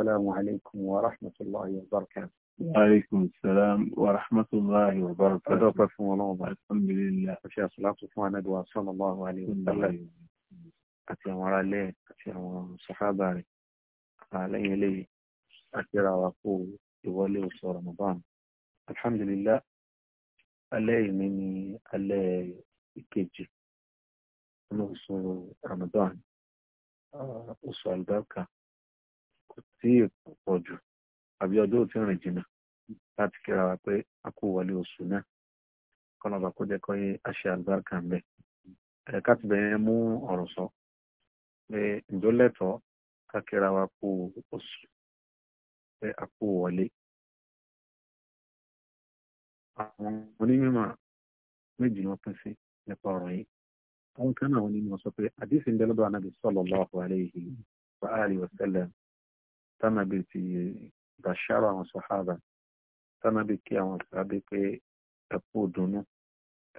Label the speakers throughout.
Speaker 1: السلام عليكم ورحمة الله وبركاته وعليكم السلام ورحمة الله وبركاته أدوكم الله الحمد لله أشياء صلاة وفوان أدوى صلى الله عليه وسلم أتيا مرا لي أتيا صحابة لي علي لي أتيا وقو يولي وصول رمضان الحمد لله ألي مني ألي كيجي
Speaker 2: نوصل رمضان آه، وصول بركة
Speaker 1: tí èkó pọ̀ jù àbí ọjọ́ tí ń rìn jìnnà láti kíra wa pé a kú wọlé oṣù náà kọ́nà bá kó jẹ́ kọ́ yé àṣẹ àlùbáríkà ń bẹ̀. ẹ̀ka ti bẹ̀rẹ̀ mú ọ̀rọ̀ sọ pé ǹjọ́ lẹ́tọ̀ọ́ ká kíra wa kú
Speaker 2: oṣù pé a kú wọlé.
Speaker 1: àwọn onímọ̀ méjì wọn pín sí nípa ọ̀rọ̀ yìí àwọn kan náà sọ pé àdìsí ń bẹ lọ́dọ̀
Speaker 2: anábì
Speaker 1: tánàbí ti bàṣára àwọn sọ̀hábà tánàbí kí àwọn sàbí pé ẹ̀kú dùnú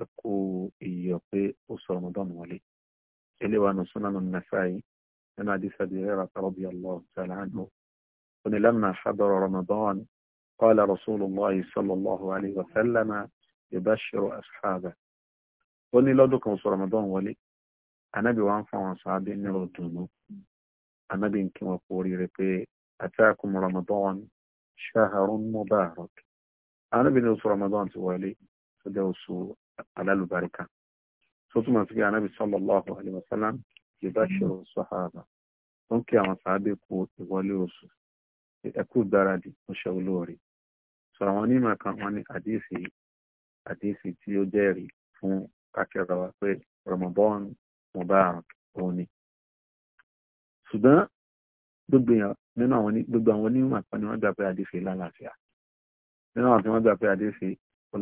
Speaker 1: ẹ̀kú iyọ̀ pé ó sọ ọmọdọ́n wọlé eléwà nù súnánù nàfàáyì nínú àdìsá di rẹ́rà tàbí allah ta'ala anhu oní lẹ́mà hadara ramadan qala rasulullah sallallahu alayhi wa sallam yubashiru ashaaba ó ní lọ́dún kan sọ ramadan wọlé anábì wa ń àwọn sàbí nírò dùnú anábì ń kí wọn kú oríire pé أتاكم رمضان شهر مبارك أنا بنوص رمضان سوالي فدوس على البركة ثم في النبي صلى الله عليه وسلم يبشر الصحابة ممكن يا صحابي يقول يقول يقول دارادي وشغلوري sọ̀rọ̀wọ́n ní màkà wọn ní àdìsí àdìsí tí ó jẹ́rìí fún kákẹ́rọ̀ wa pé Ramadan Mubarak nínú àwọn gbogbo àwọn onímọ̀ kan ni wọ́n gbà pé àdìsí lálàáfíà nínú àwọn tí wọ́n gbà pé àdìsí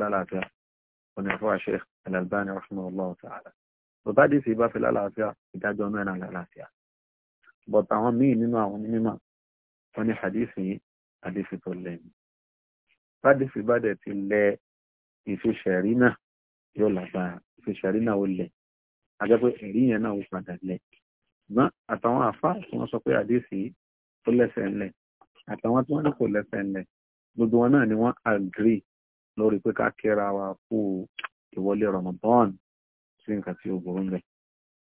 Speaker 1: lálàáfíà ọ̀nà ẹ̀fọ́ àṣẹ Al-Albani rahimahullah ta'ala bàbá àdìsí bá fi lálàáfíà ìdájọ́ náà náà lálàáfíà bọ̀tà àwọn míì nínú àwọn onímọ̀ wọ́n ní àdìsí àdìsí tó lẹ́yìn bádìsí bá dẹ̀ ti lẹ ìfisẹ̀rí náà yóò lágbára ìfisẹ̀rí náà ó lẹ̀ àjẹpẹ́ ẹ̀rí yẹn náà ó padà lẹ̀ ṣùgbọ́n àtàwọn àfáà tí wọ́n sọ pé àdìsí tó lẹ́sẹ̀ ńlẹ̀ àtàwọn tí wọ́n ní kò lẹ́sẹ̀ ńlẹ̀ gbogbo wọn náà ni wọ́n agree lórí pé ká kíra wa kú ìwọlé Ramadan sí nǹkan tí ó burú ńlẹ̀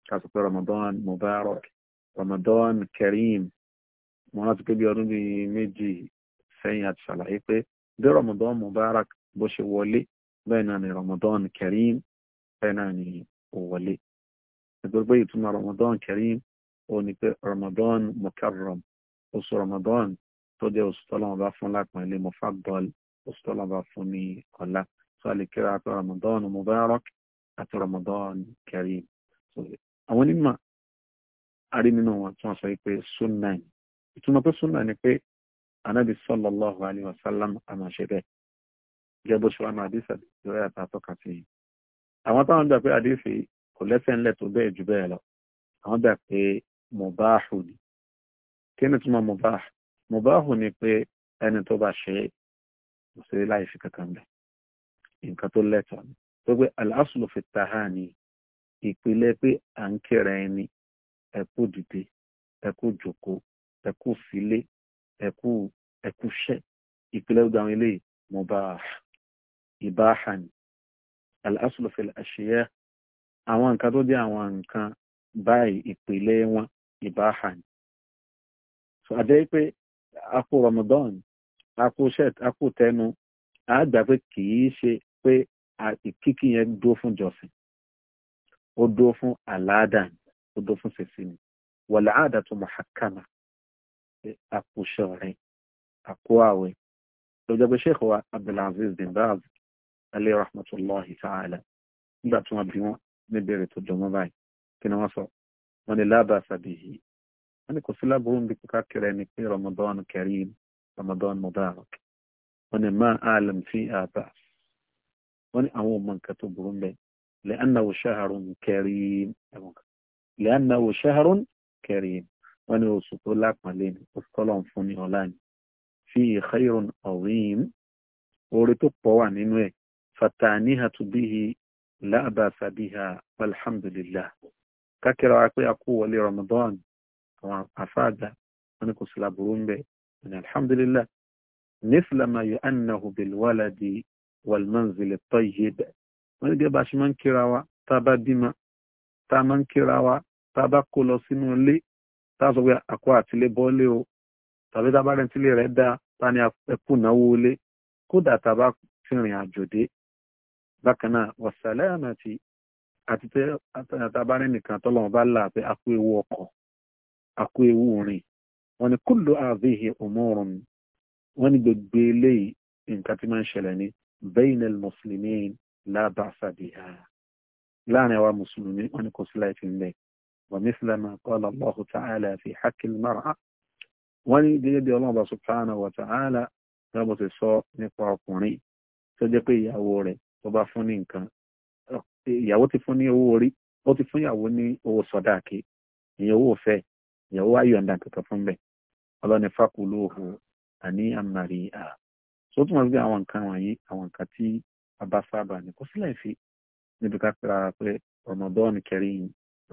Speaker 1: ká sọ pé Ramadan mubarak Ramadan kareem mo rántí pé bí ọdún bíi méjì sẹ́yìn àti ṣàlàyé pé bí Ramadan mubarak bó ṣe wọlé bẹ́ẹ̀ náà ni Ramadan kareem bẹ́ẹ̀ náà ni ó wọlé nítorí pé ìtumọ̀ Ramadan kareem ó ní pé Ramadan mukarram oṣù Ramadan tó jẹ́ oṣù tọ́lọ́wọ́n bá fún lápọn ilé mufaddal oṣù tọ́lọ́wọ́n bá fún ní ọ̀la tó a lè kíra àti Ramadan mubarak àti Ramadan karim àwọn onímọ̀ àrí nínú wọn tí wọ́n sọ pé sunna ni ìtumọ̀ pé sunna ni pé anabi sallallahu alayhi wa sallam àmọ̀ ṣe bẹ́ẹ̀ gẹ́gẹ́ bó ṣe wà ní àdìsí ìrẹ́ àtàtọ́ka sí i àwọn táwọn gbà pé àdìsí kò lẹ́sẹ̀ ńlẹ̀ tó bẹ́ẹ̀ jù bẹ́ẹ̀ lọ àwọn gbà pé mubahu ni kí ni túmọ̀ mubah mubah ni pé ẹni tó bá ṣe kò sí láì fi kankan bẹ̀ nǹkan tó lẹ́tọ̀ọ́ ni tó pé al-aslu fi tahani ìpìlẹ̀ pé à ń kẹrẹ ẹni ẹkú dìde ẹkú jòkó ẹkú filé ẹkú ẹkú ṣẹ ìpìlẹ̀ gbogbo àwọn eléyìí mubah ìbáhà ni al-aslu fi al-ashiya àwọn nǹkan tó jẹ́ àwọn nǹkan báyìí ìpìlẹ̀ wọn ìbáhà ni àjẹ́ pé a kú Ramadan a kú shet a kú tẹnu a gbà pé kì í ṣe pé kíkí yẹn dúró fún jọsìn ó dúró fún àláàdà ó dúró fún ṣèṣì ni wàlá àdà tó mọ̀hákàmà àkóṣe ọ̀rẹ́ àkó àwẹ̀ ló jẹ́ pé sheikh wa Abdulaziz bin Baz alayhi rahmatullahi ta'ala nígbà tí wọ́n bí wọ́n níbẹ̀rẹ̀ tó jọmọ́ báyìí kí ni wọ́n sọ wọ́n ní lábàá sàbìyí أنا كسلا بون بكاك يعني في رمضان كريم رمضان مبارك وأنا ما أعلم في أبعث وأنا أهو من كتب بي لأنه شهر كريم لأنه شهر كريم وأنا أصدق لك مالين أصدق فوني أولاني فيه خير عظيم ورتق بوان إنوي فتانيها به لا أباس بها والحمد لله كاكرا أقول لرمضان رمضان àwọn afáàgbà wọn ni kò sí laburú ń bẹ ní alhamdulillah nífìlámà yóò ànáhù bilwaladi walmanzili tayyib wọn ni gẹ́gẹ́ bá a ṣe máa ń kíra wa tá a bá bímọ tá a máa ń kíra wa tá a bá kó lọ sínú ilé tá a o tàbí tá a bá rẹ̀ tílé rẹ̀ dáa tá kódà tá a bá fi rìn àti tẹ àtàbárẹ́ nìkan tọ́lọ́mọba là pé a ewu ọkọ̀ àkó ewu rìn wọ́n ní kúlò àdéhì òmùrùn wọ́n ní gbogbo eléyìí nǹkan tí máa ń ṣẹlẹ̀ ní bainal muslimin la ba'sa biha láàrin àwa mùsùlùmí wọ́n ní kò sí láì fi ń bẹ̀ wa mithla ma qala Allahu ta'ala fi haqqil mar'a wọ́n ní gẹ́gẹ́ bí ọlọ́run bá subhanahu wa ta'ala lọ́bọ̀ ti sọ nípa ọkùnrin tó jẹ́ pé ìyàwó rẹ̀ tó bá fún ní nǹkan ìyàwó ti fún ní owó orí ó ti fún ìyàwó ní owó sọdáàkì ìyẹn owó ìyàwó wá yọ̀ǹda kankan fún bẹ́ẹ̀ ọlọ́ni fákúlóhù àní àmàrí à tó túmọ̀ sí àwọn nǹkan wọ̀nyí àwọn nǹkan tí a bá sábà ní kó sílẹ̀ fi níbi ká pera pé Ramadan karim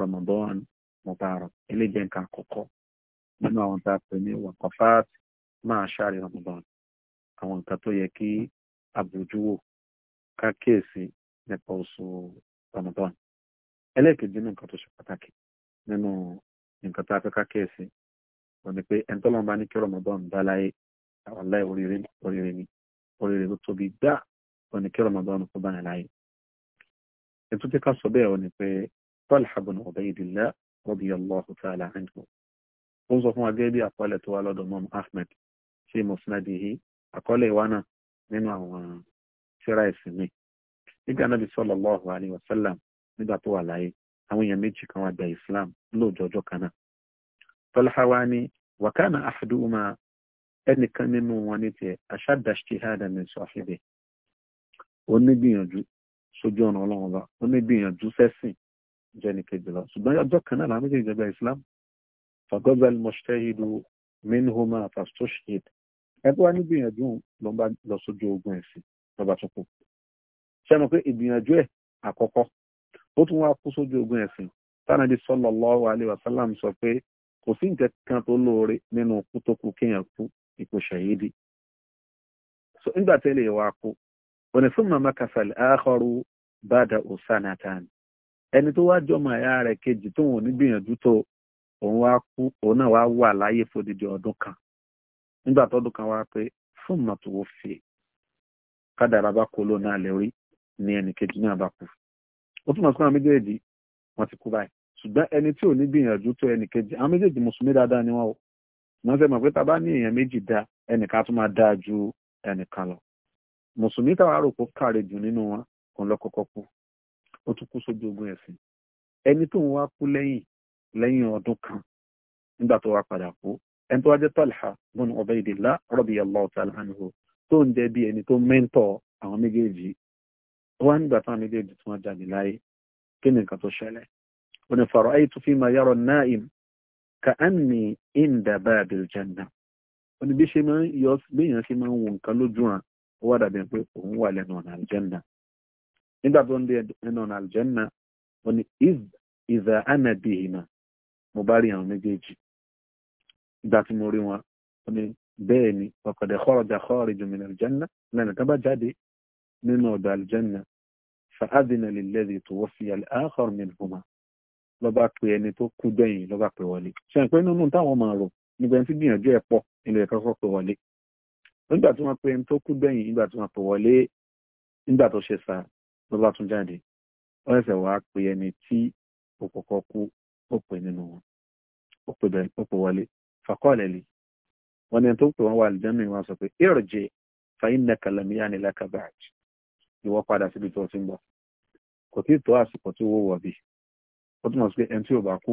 Speaker 1: Ramadan mubarak eléyìí jẹ́ nǹkan àkọ́kọ́ nínú àwọn tá a pè ní wakafat máa ṣáàrí Ramadan àwọn nǹkan tó yẹ kí àbójú wò ká kíyèsí nípa oṣù Ramadan ẹlẹ́ẹ̀kejì ní nǹkan tó ṣe pàtàkì nínú nǹkan tá a fẹ́ ká kíyèsí ò ní pé ẹni tọ́lọ́mọba ní kí Ramadan dá láyé àwọn láì oríire oríire ni oríire tó tóbi gbá ò ní kí Ramadan kó bá yẹn láyé. ètò tí ká sọ bẹ́ẹ̀ ò ní pé Talha ibn Ubaydillah radiyallahu ta'ala anhu. ó ń sọ fún wa gẹ́gẹ́ bí àkọọ́lẹ̀ tó wá lọ́dọ̀ mọ́m Ahmed sí musnadihi àkọọ́lẹ̀ ìwá náà nínú àwọn síra ìsinmi nígbà nígbà tó wà láyé àwọn èèyàn méjì kan wá gba islam lóòjọ́ ọjọ́ kan náà tọ́lá wa ni wàkánà àfẹ́dúhùmá ẹnìkan nínú wọn ní tiẹ̀ aṣáàdàṣìhádà ní sọ́fíbẹ̀ onígbìyànjú sójú ọ̀nà ọlọ́run ọba onígbìyànjú sẹ́sìn jẹ́ni kejì lọ ṣùgbọ́n ọjọ́ kan náà làwọn méjèèjì gba islam fagọ́bẹ̀lì mọ̀ṣẹ́hìdù mínhùmá fàstọ́ṣìhìd ẹgbẹ́ wa nígbìyànjú ló ń bá lọ sójú ogun ẹ̀sìn lọ́ba tó kù ṣé mo pé ìgbìyànjú ẹ̀ àkọ́kọ́ ó tún wá kú sójú ogun ẹ̀sìn tánàbí sallallahu alaihi wasallam sọ pé kò sí nǹkan kan tó lóore nínú kú tó kú kéèyàn kú ipò so nígbà tẹ́lẹ̀ kú òní fún bada usanatan ẹni tó wá jọmọ ẹ̀yà rẹ̀ kejì tó wọn ò ní gbìyànjú tó òun wá kú òun náà wá wà láyé fòdìdì ọdún kan nígbà tọdún kan wá ni ó túmọ̀ sí àwọn méjèèjì wọ́n ti kú báyìí ṣùgbọ́n ẹni tí ò ní gbìyànjú tó ẹnì kejì àwọn méjèèjì mùsùlùmí dáadáa ni wọ́n o wọ́n sẹ́ mọ̀ pé tábà ní èèyàn méjì dá ẹnìkan tó máa dáa ju ẹnìkan lọ mùsùlùmí táwa rò pé kàrè jù nínú wọn òun kú ó tún kú sójú ogun ẹ̀sìn ẹni tó ń wá kú kan nígbà tó wá padà kú ẹni tó wá jẹ́ wọ́n nígbà táwọn méjèèjì tí wọ́n jáde láyé kí ni nǹkan tó ṣẹlẹ̀ ó ní fọ̀rọ̀ ayé tó fi máa yọrọ náìm ka á ní ìndàbà àbìljanna ó ní bí ṣe máa ń yọ béèyàn ṣe máa ń wo nǹkan lójú hàn ó wà dàbí pé òun wà lẹ́nu ọ̀nà àlùjẹ́nà nígbà tó ń dé ẹnu ọ̀nà àlùjẹ́nà ó ní ìzà ànàbì ìmà mo bá rí àwọn méjèèjì ìgbà tí mo rí wọn ó ní bẹ́ẹ̀ ni ọ̀kọ̀dẹ̀ nínú ọ̀dọ̀ àlìjẹ́nà fàádìnà lèlẹ́dì tó wọ́n fi àkọ́rọ̀ mi lùmọ̀ lọ́ba pé ẹni tó kú gbẹ̀yìn lọ́ba pé wọlé ṣe ń pẹ́ nínú táwọn máa rò nígbà tí gbìyànjú ẹ̀ pọ̀ ilẹ̀ ẹ̀kọ́ kọ́ pé wọlé nígbà tí wọ́n pé ẹni tó kú gbẹ̀yìn nígbà tí wọ́n pè wọlé nígbà tó ṣe sá lọ́ba tún jáde ó ẹ̀sẹ̀ wá pé ẹni tí òkọ̀kọ́ kú ó pè nínú wọn ó pè bẹ́ẹ̀ ó pè wọlé fàkọ́ọ̀lẹ̀ lè wọ́n ní ẹni tó pè wọ́n wà àlìjẹ́nà wọn sọ pé ìrọ̀jẹ̀ fàyín nàkàlàmíyàn ni lákàbàjì ìwọ padà síbi tó ti ń bọ̀ kò tí ì tó àsìkò tí owó wọ̀ bí ó túmọ̀ sí pé ẹni tí ò bá kú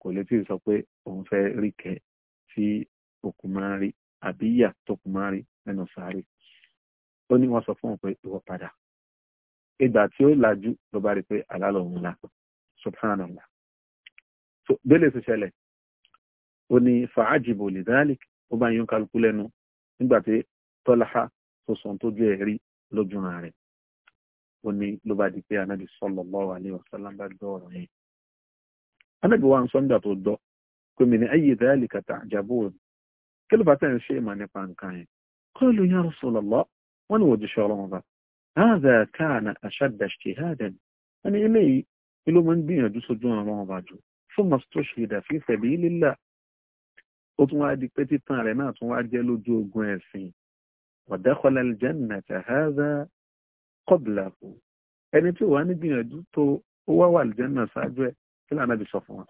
Speaker 1: kò lè tí ì sọ pé òun fẹ́ rí kẹ́ tí òkú máa ń rí àbí ìyà tó kú máa ń rí nínú sáré ó ní wọ́n sọ fún òun pé ìwọ padà ìgbà tí ó lajú ló bá rí pé àlálò òun la subhanallah so bẹ́lẹ̀ tó ṣẹlẹ̀ ó ní fàájìbò lè dáálì ó bá yún kálukú lẹ́nu nígbà tí tọ́láhá tó sọ tó jẹ́ ẹ̀rí lójú rẹ̀ ó ní ló bá di pé anábì sallallahu alaihi wasallam bá gbọ́ ọ̀rọ̀ yẹn anábì wa ń sọ nígbà tó dọ́ pé mi ní ayé dhalika ta'jabun kí ló bá tẹ̀ ń ṣe ìmọ̀ nípa nǹkan yẹn qalu ya Rasulullah wọ́n ní òjíṣẹ́ ọlọ́run bá hadha kana ashadda ijtihadan ẹni eléyìí ló máa ń gbìyànjú sójú ọlọ́run bá jù fún mastushida fi sabilillah ó tún wáá di pé títan rẹ̀ náà tún wáá jẹ́ lójú ogun ẹ̀sìn wa dakhala al kọ́bìlà kù ẹni tí wàá ní gbìyànjú tó ó wá wà lìjẹ́nà ṣáájú ẹ̀ kí lànà bí sọ fún wọn.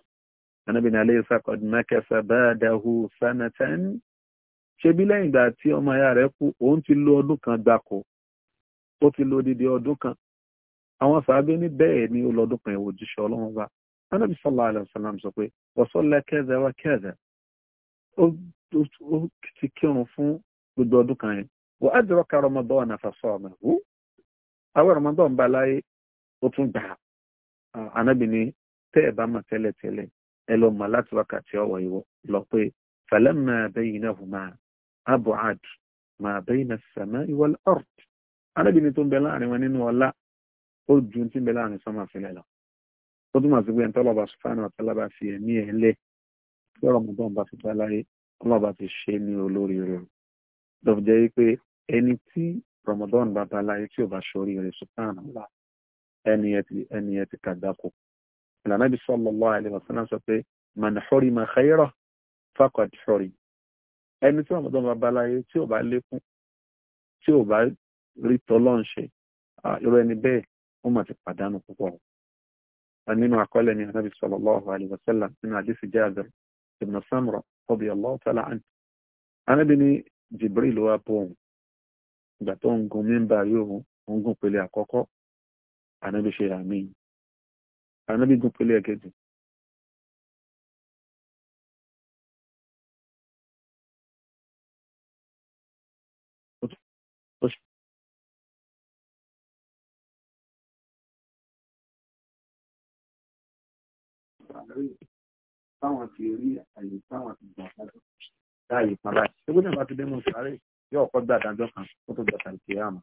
Speaker 1: ànábì ní alẹ́ ìsà kọ́dí mẹ́kẹsà bá a dà hù sanatani ṣe bí lẹ́yìn ìgbà tí ọmọ ìyá rẹ̀ kú òun ti lo ọdún kan gbáko ó ti lo odidi ọdún kan àwọn sàábé ní bẹ́ẹ̀ ni ó lọ́dún kan ìwò ọlọ́run bá anábì sallallahu alaihi wasallam sọ pé wọ́sọ́lá kẹ́ẹ̀dẹ̀ wá kẹ́ẹ̀dẹ̀ ó ti kírun fún gbogbo ọdún kan yẹn wọ́n á dúró ka àwọn ọmọdé ọ̀nba láyé ó tún gbà ànábì ni tẹ́ ẹ̀ bá mọ̀ tẹ́lẹ̀tẹ́lẹ̀ ẹ lọ mọ̀ láti wákàtí ọ̀wọ̀ ìwọ lọ pé falamma baynahuma abuad ma bayna as-samai wal ard ànábì ni tó ń bẹ láàrin wọn nínú ọlá ó ju ti ń bẹ láàrin sánmà sílẹ̀ lọ ó túmọ̀ sí pé ntọ́lọ́ba subhanahu wa fi ẹ̀mí ẹ̀ lé tí ọ̀rọ̀ ọmọdé ọ̀nba fi láyé ọlọ́ba ti ṣe ní olóríire lọ́fíjẹ́ yìí pé ẹni tí Ramadan bàbá aláyé tí ò bá ṣorí rẹ̀ subhanallah ẹni ẹ ti ẹni ẹ ti kàgbákò ìlànà ibi sallallahu alaihi wasallam sọ pé man hurima khayra faqad hurim ẹni tí Ramadan bàbá aláyé tí ò bá lékún tí ò bá rí tọ́lọ́ ń ṣe irú ẹni bẹ́ẹ̀ ó mà ti pàdánù púpọ̀ nínú àkọọ́lẹ̀ ní anábì sallallahu alaihi wasallam nínú àdìsí Jabir ibn Samra radiyallahu ta'ala anhu anábì ní Jibril wá bóun ìgbà tó ń gun mímbà yóò ń gùn pele àkọ́kọ́ ànábi ṣe àmì ànábi gun pele ẹ̀kejì táwọn ti rí àyè táwọn ti gbà láyé kan láyé. Ewé bá ti dé sáré yóò kọ́ gba àdájọ́ kan kó tó gbàtà ìkè àmà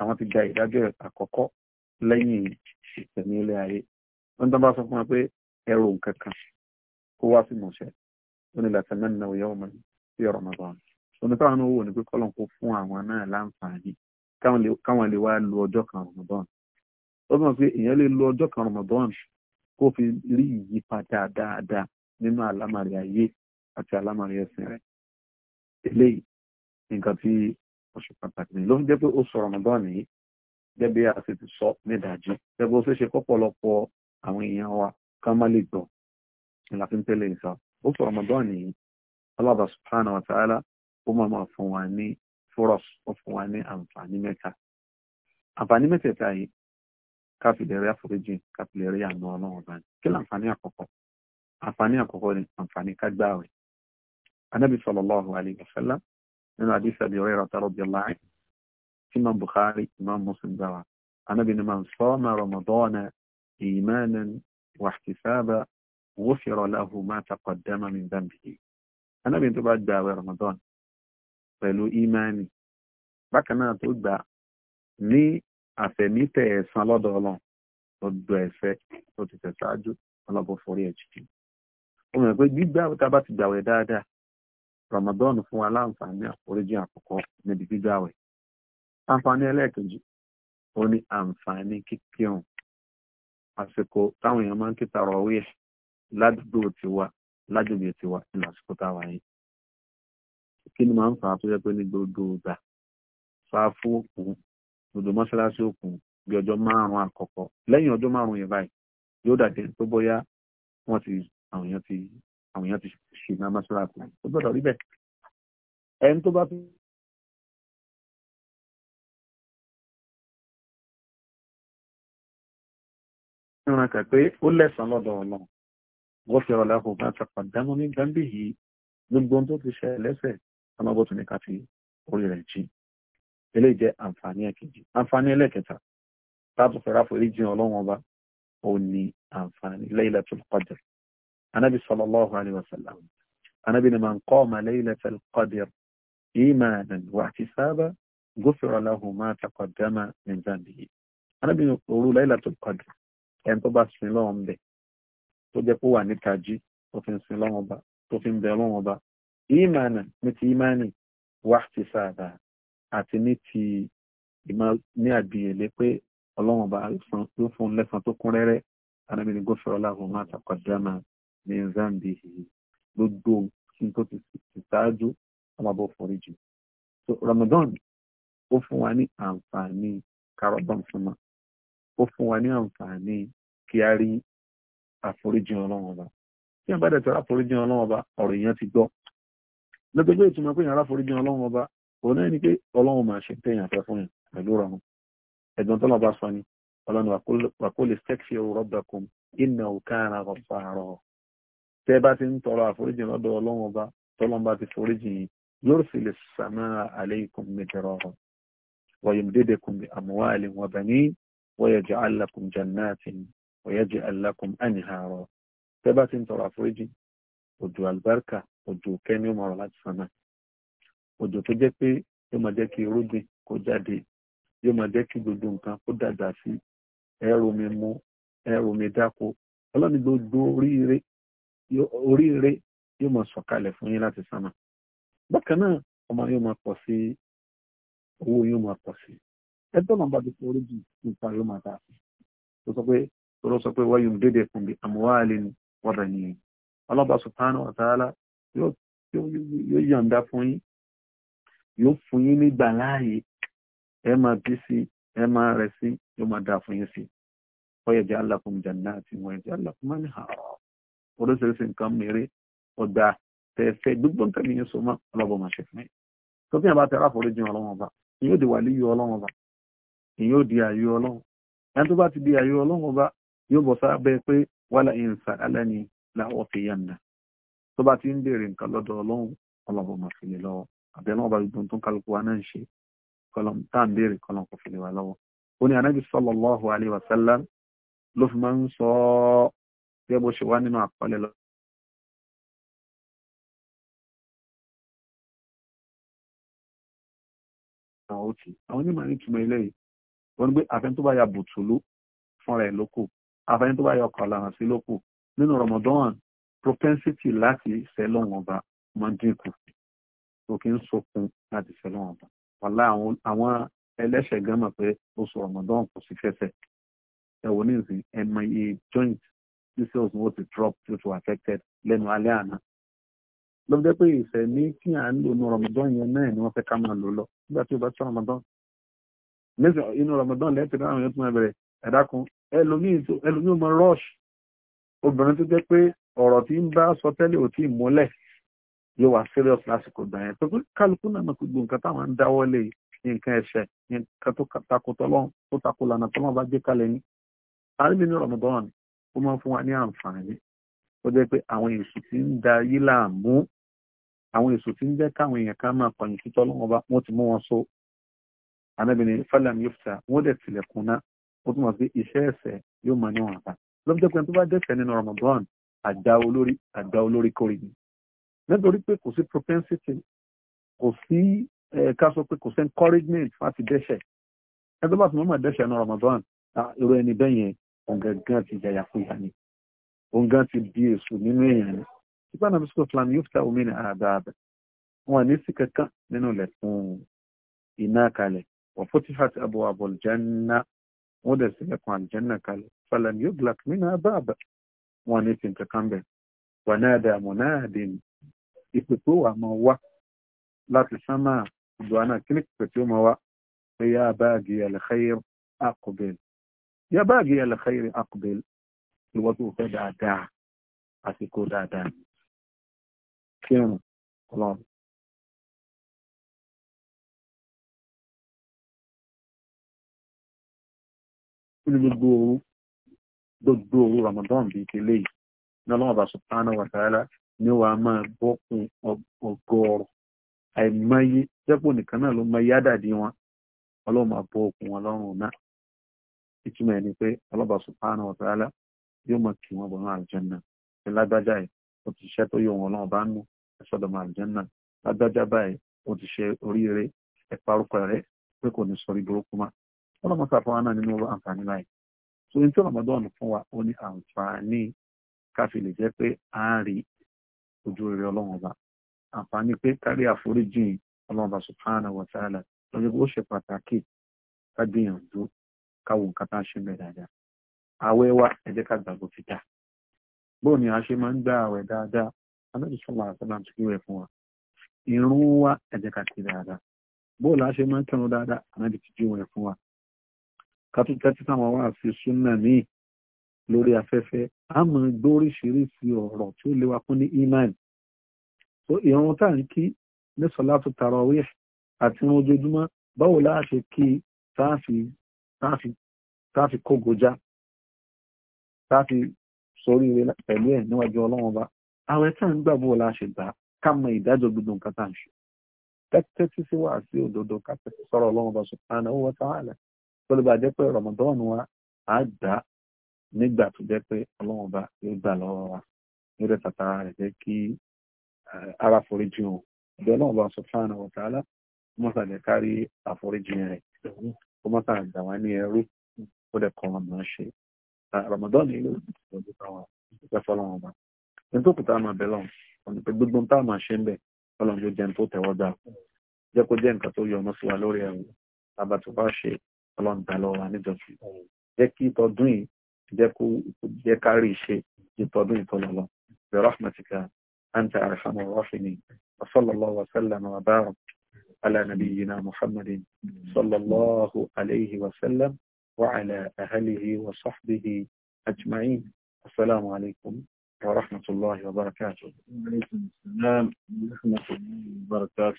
Speaker 1: àwọn ti gba ìdájọ́ àkọ́kọ́ lẹ́yìn ìṣẹ̀mí ilé ayé wọ́n tán bá sọ fún wa pé ẹrù nǹkan kan kó wá sí mọ̀ṣẹ́ ó ní làtẹ̀ mẹ́rin náà yẹ́wò mẹ́rin sí Ramadan òní táwọn náà wò ní pé kọ́lọ̀ kó fún àwọn náà láǹfààní káwọn lè wá lu ọjọ́ kan Ramadan ó sọ pé èèyàn lè lu ọjọ́ kan Ramadan kó fi rí ìyípadà dáadáa nínú àlámàrí ayé àti àlámàrí ẹ̀sìn rẹ̀ eléyìí nǹkan tí ó ṣe pàtàkì ló ń jẹ́ pé ó sọ̀rọ̀ mọ́bà ní gẹ́gẹ́ a sì ti sọ nídàájí gẹ́gẹ́ ó ṣe ṣe pọ̀pọ̀lọpọ̀ àwọn èèyàn wa ká má lè gbọ́ ìlà fi ń tẹ́lẹ̀ ìsà ó sọ̀rọ̀ mọ́bà ní Allah subhanahu wa ta'ala ó máa máa fún wa ní fúrọ̀s ó fún wa ní àǹfààní mẹ́ta àǹfààní mẹ́tẹ̀ẹ̀ta yìí káfílẹ̀ àforíjì káfílẹ̀ rí ọlọ́run bá ní kí láǹfààní àkọ́kọ́ àǹfààní àkọ́kọ́ ni àǹfààní kágbáwẹ̀ anábì sallallahu alaihi wasallam nínú àdísà bí ọ̀rẹ́ ìrọ̀tà rọ̀bì ọláì tí mọ̀ Bukhari mọ̀ Muslim gbára anábì ni màá sọ ọmọ Ramadana ìmánan wàhtisábà wúfìrọ̀ láhu máa taqaddama min dhanbihi anábì tó bá gba àwẹ̀ Ramadan pẹ̀lú ìmánì bákan náà tó gbà ní àfẹ̀mítẹ̀ ẹ̀san lọ́dọ̀ ọlọ́run lọ́dọ̀ ẹ̀fẹ́ tó ti tẹ̀sáájú ọlọ́bọ̀ forí ẹ̀ jìjì. ó mọ̀ pé gbígbà tá a bá ti gbàwẹ̀ dáadáa Ramadan fún wa láǹfààní àforíjì àkọ́kọ́ níbi gbígbà àwẹ̀ àǹfààní ẹlẹ́ẹ̀kejì ó ní àǹfààní kíkírun àsìkò táwọn èèyàn máa ń kíta ọ̀rọ̀ wíyẹ̀ ládùúgbò tiwa lágbègbè tiwa ní àsìkò táwa yìí kí ni máa ń fà á tó jẹ́ pé ní gbogbo ìgbà fàáfù òkun gbogbo mọ́ṣáláṣí òkun bí ọjọ́ márùn-ún àkọ́kọ́ lẹ́yìn ọjọ́ márùn-ún yẹn báyìí yóò dàbí tó bóyá wọ́n ti àwọn èèyàn ti àwọn èèyàn ti ṣe iná mọ́ṣáláṣí ó gbọ́dọ̀ rí bẹ́ẹ̀
Speaker 2: ẹni tó bá fi. ìran kà pé ó lẹ̀sán lọ́dọ̀ ọlọ́run
Speaker 1: wọ́n fi ọ̀la kò bá ta pàdánù ní gbàǹdì yìí gbogbo ohun tó ti ṣe lẹ́sẹ̀ ọlọ́gbọ́tún ní ká fi orí rẹ̀ jí eléyìí jẹ́ àǹfààní ẹ̀kejì àǹfààní ẹlẹ́kẹta táàtù fẹ́ra forí jin ọlọ́run ọba ó ní àǹfààní Laylatul Qadr anábì صلى الله عليه وسلم، anábì ni man ليلة القدر إيمانا واحتسابا wa له ما تقدم من taqaddama min dhanbihi ليلة القدر، òru laylatul qadr ẹn tó bá sin lọ́wọ́ ń bẹ̀ tó jẹ́ kó wà níta jí tó fi ń sin lọ́wọ́ bá tó fi ń bẹ̀ lọ́wọ́ bá imanan ní ti imani wa ihtisaban àti ní ti ìmọ̀ ní àdìyẹlé pé ọlọ́run ọba yóò fún un lẹ́sàn tó kún rẹ́rẹ́ anábì gófìrọ́lá ọ̀hún máa taqaddama ní zambi gbogbo nǹkan tó ti ṣáájú ọmọbọ foríjì so Ramadan ó fún wa ní àǹfààní karabam fúnma ó fún wa ní àǹfààní kí a rí àforíjì Ọlọ́run ọba tí wọ́n bá dẹ̀ tọ́ra àforíjì Ọlọ́run ọba ọ̀rọ̀ èèyàn ti gbọ́ lọ́gbẹ́gbẹ́ ìtumọ̀ pé ìyàrá àforíjì Ọlọ́run ọba òun náà ni pé Ọlọ́run máa ṣe tẹ̀yìn àfẹ́ fún yàn pẹ̀lú ra wọn ẹ̀gbọ́n tọ́lọ́ bá sọ ni Ọlọ́run wàkó lè sẹ́kṣì ọ̀rọ̀ bẹ̀kùn innahu kana ghaffara tẹ́ bá ti ń tọrọ àforíjì lọ́dọ̀ ọlọ́run ọba tọ́lọ́run bá ti foríjì yìí yursil as-samaa alaykum midrara wa yumdidukum bi amwalin wa banin wa yaj'al lakum jannatin wa yaj'al lakum anhara tẹ́ bá ti ń tọrọ àforíjì òjò àlùbáríkà òjò kẹ́ni ó mọ̀rọ̀ láti sánmà òjò tó jẹ́ pé yóò máa jẹ́ kí irúgbìn kó jáde yóò máa jẹ́ kí gbogbo nǹkan kó dàgbà sí ẹ̀rù mi mú ẹ̀rù mi dáko ọlọ́ni gbogbo oríire oríire yóò máa sọ̀kalẹ̀ fún yín láti sánmà bákan náà ọmọ yóò máa pọ̀ sí owó yóò máa pọ̀ sí ẹgbẹ́ náà bá ti fi orí jù nípa yóò máa dà sí tó sọ pé tó sọ pé wáyé òǹdédé kùn bí àmúwáàlì ni wọ́n rẹ̀ nìyẹn ọlọ́ba subhanahu wa ta'ala yóò yọ̀ǹda fún yín yóò fún yín nígbà láàyè ẹ máa bí sí ẹ máa rẹ̀ sí yóò máa dà fún yín sí wọ́n yẹ jẹ́ alákùn jannati wọ́n yẹ jẹ́ alákùn oríṣiríṣi nǹkan mèrè ọ̀dà tẹ̀fẹ́ gbogbo nǹkan nìyẹn so mọ́ ọlọ́bọ̀ máa ṣe fún yìí tó fi hàn bá tẹ̀lé àforíjì ọlọ́wọ́n ọba ìyóò di wàlíyù ọlọ́wọ́n ọba ìyóò di àyù ọlọ́wọ́n ẹni tó bá ti di àyù ọlọ́wọ́n ọba yóò bọ̀ sábẹ́ pé wàlà ìǹsà alẹ́ni làwọ̀ fi yàn nà tó bá ti ń béèrè nǹkan lọ́dọ̀ ọlọ́wọ́n ọlọ́bọ̀ máa fi lè lọ́wọ́ àbẹ̀lọ́wọ́n ọba gbogbo tó ń kálukú wa náà ń ṣe kọlọm tá à ń béèrè kọlọm kò fi lè wà lọ́wọ́ ó ní anábì sallallahu alaihi wasallam ló fi máa ń sọ gẹ́gẹ́ bó ṣe wá nínú àkọọ́lẹ̀ lọ. Ah, àwọn onímọ̀ ní ìtumọ̀ ilé yìí wọ́n ní pé àfẹ́ni tó bá ya bùtùlù fúnra ẹ̀ lóko àfẹ́ni tó bá ya ọkọ̀ àlànà sí lóko nínú Ramadan propensity láti sẹ́lọ̀n ọba máa ń dínkù tó kí ń sokun láti sẹ́lọ̀n ọba wàlá àwọn ẹlẹ́ṣẹ̀ gan mọ̀ pé oṣù Ramadan kò sí fẹ́fẹ́ ẹ̀wọ̀n ní ìsìn ẹ̀mọ iye joint tí sales wọn ti drop tí ó affected lẹ́nu alẹ́ àná ló jẹ́ pé ìsẹ̀mí tí à ń lò ní Ramadan yẹn náà ni wọ́n fẹ́ ká máa lò lọ nígbà tí o bá tún Ramadan nígbà inú Ramadan lẹ́yìn tí wọ́n àwọn yẹn tún bẹ̀rẹ̀ ẹ̀dá kan ẹlòmíì mọ rush obìnrin tó jẹ́ pé ọ̀rọ̀ tí ń bá sọ tẹ́lẹ̀ ò tí ì múlẹ̀ yóò wá serious lásìkò gbà yẹn pẹ̀lú kálukú náà mọ̀ gbogbo nǹkan táwọn ń dáwọ́ lé nǹkan ẹ̀ṣẹ̀ nǹkan tó takò tọ́lọ́ tó takò lànà tọ́lọ́ bá gbé kalẹ̀ ní. àrími ní Ramadan ó máa ń fún wa ní àǹfààní ó jẹ́ pé àwọn èṣù tí ń da ayé láàmú àwọn èṣù tí ń jẹ́ káwọn èèyàn ká máa kọ̀yìn sí tọ́lọ́wọ́n bá wọ́n ti mú wọn so anábìnrin falam yufta wọ́n dẹ̀ tilẹ̀kùn náà ó túmọ̀ sí iṣẹ́ ẹ̀ṣẹ̀ yóò máa níwọ̀n àbá lọ́jọ́ pé tó bá dẹ̀ṣẹ̀ nínú Ramadan àdá olórí àdá olórí kórè ni nítorí pé kò sí propensity kò sí ká sọ pé kò sí encouragement láti dẹ̀ṣẹ̀ ẹ tó bá ti mọ̀ mọ̀ dẹ̀ṣẹ̀ nínú Ramadan irú ẹni bẹ́yẹn ọ̀gángan ti jàyà fún ìyá ni ọ̀gán ti di èso nínú èèyàn ni sípà náà bísí islam yóò fìtà omi ní àdáadáa wọn ní sí kankan nínú ilẹ̀ fún iná kalẹ̀ wọ́n fọ́tí hàtí abọ́ abọ́ aljanna wọ́n dẹ̀ sí ẹ̀kọ́ aljanna kalẹ̀ falam yóò black mí náà bá àbá ní sí kankan bẹ̀ wọn náà dà mọ́ náà dé ní ìpè tó wà máa wá láti sánmà ìdùnnà kíníkì pẹ̀tí yá báàgì al-khayri aqbil ìwọ́n tó fẹ́ dáadáa
Speaker 2: àsìkò dáadáa kírun ọlọ́run.
Speaker 1: gbogbo ooru gbogbo ooru Ramadan bíi tẹ́lẹ̀ yìí ní ọlọ́run ọba subhanahu wa ta'ala ni wàá máa gbọ́kun ọgọ́rọ̀ àìmọye jẹ́pọ̀ nìkan náà ló mọ yádàdí wọn ọlọ́run máa bọ́ okùn wọn lọ́rùn náà ìtumọ̀ ẹni pé ọlọ́ba subhanahu wa ta'ala yóò mọ̀ kí wọ́n bọ̀ náà àlùjànnà ṣe lágbájá yìí ó ti ṣe tó yọ wọn náà bá nù ẹ̀sọ́dọ̀ máa àlùjànnà lágbájá báyìí ó ti ṣe oríire ẹ̀pá orúkọ rẹ̀ pé kò ní sọrí burúkú má ọlọ́mọ sàfún wa náà nínú àǹfààní láì so ní tí Ramadan fún wa ó ní àǹfààní káfí lè jẹ́ pé à ń rí ojú rere ọlọ́run àǹfààní pé ká káwọn nǹkan tá a ṣe bẹ̀ dáadáa àwẹ̀ wa ẹ jẹ́ ká gbàgbọ́ fi dá bóò ni a ṣe máa ń gba àwẹ̀ dáadáa anábì sọ̀rọ̀ àtàlà ń tún rẹ̀ fún wa ìrun wa ẹ jẹ́ ká ti dáadáa bóò la ṣe máa ń tẹ̀run dáadáa anábì ti jí rẹ̀ fún wa ká tẹ́tí táwọn wá fi súnà míì lórí afẹ́fẹ́ a mọ̀ gbóríṣiríṣi ọ̀rọ̀ tí ó léwa fún ní iman so ìrun tá à ń kí ní sọ̀látù tarawih àti irun ojoojúmọ́ báwo la ṣe kí táàfin táàfi kó gojá táàfi sórí rẹ pẹ̀lú ẹ̀ níwájú ọlọ́run ọba àwẹ̀ tá à ń gbàgbọ́ la ṣe gbà ká mọ ìdájọ́ gbogbo nǹkan tá à ń ṣe tẹ́tí sí wàá sí òdodo ká tẹ́tí sọ̀rọ̀ ọlọ́run ọba subhanahu wa ta'ala tó lè bàjẹ́ pé rọ̀mọ̀dọ́ọ̀nù wa á gbà nígbà tó jẹ́ pé ọlọ́run ọba yóò gbà lọ́wọ́ wa nílẹ̀ tàtà rẹ̀ jẹ́ kí ara foríjì hàn ìjọ náà ọba subhanahu wa ta'ala kó mọ́sàlẹ̀ kárí àforíjì rẹ̀ kó mọ́sàlẹ̀ gbà wá ní ẹrú ó dẹ̀ kọ́ wọn máa ṣe Ramadan ni ilé ìtọ́jú táwọn ìfẹ́ fọlọ́wọn ọba ẹni tó kù tá a máa bẹ̀ lọ́n ọ̀nà pé gbogbo tá a máa ṣe ń bẹ̀ fọlọ́n ló jẹun tó tẹ̀wọ́ dà jẹ́ kó jẹ́ nǹkan tó yọ ọmọ sí wa lórí ẹ̀rù àbá tó bá ṣe fọlọ́n dà lọ́wọ́ níjọ́sí jẹ́ kí ìtọ́dún yìí jẹ́ kó jẹ́ kárí ìṣe ìtọ́dún ìtọ́lọ́lọ́ برحمتك الله وسلم وبارك على نبينا محمد صلى الله عليه وسلم وعلى أهله وصحبه أجمعين السلام عليكم ورحمة الله وبركاته وعليكم السلام ورحمة الله وبركاته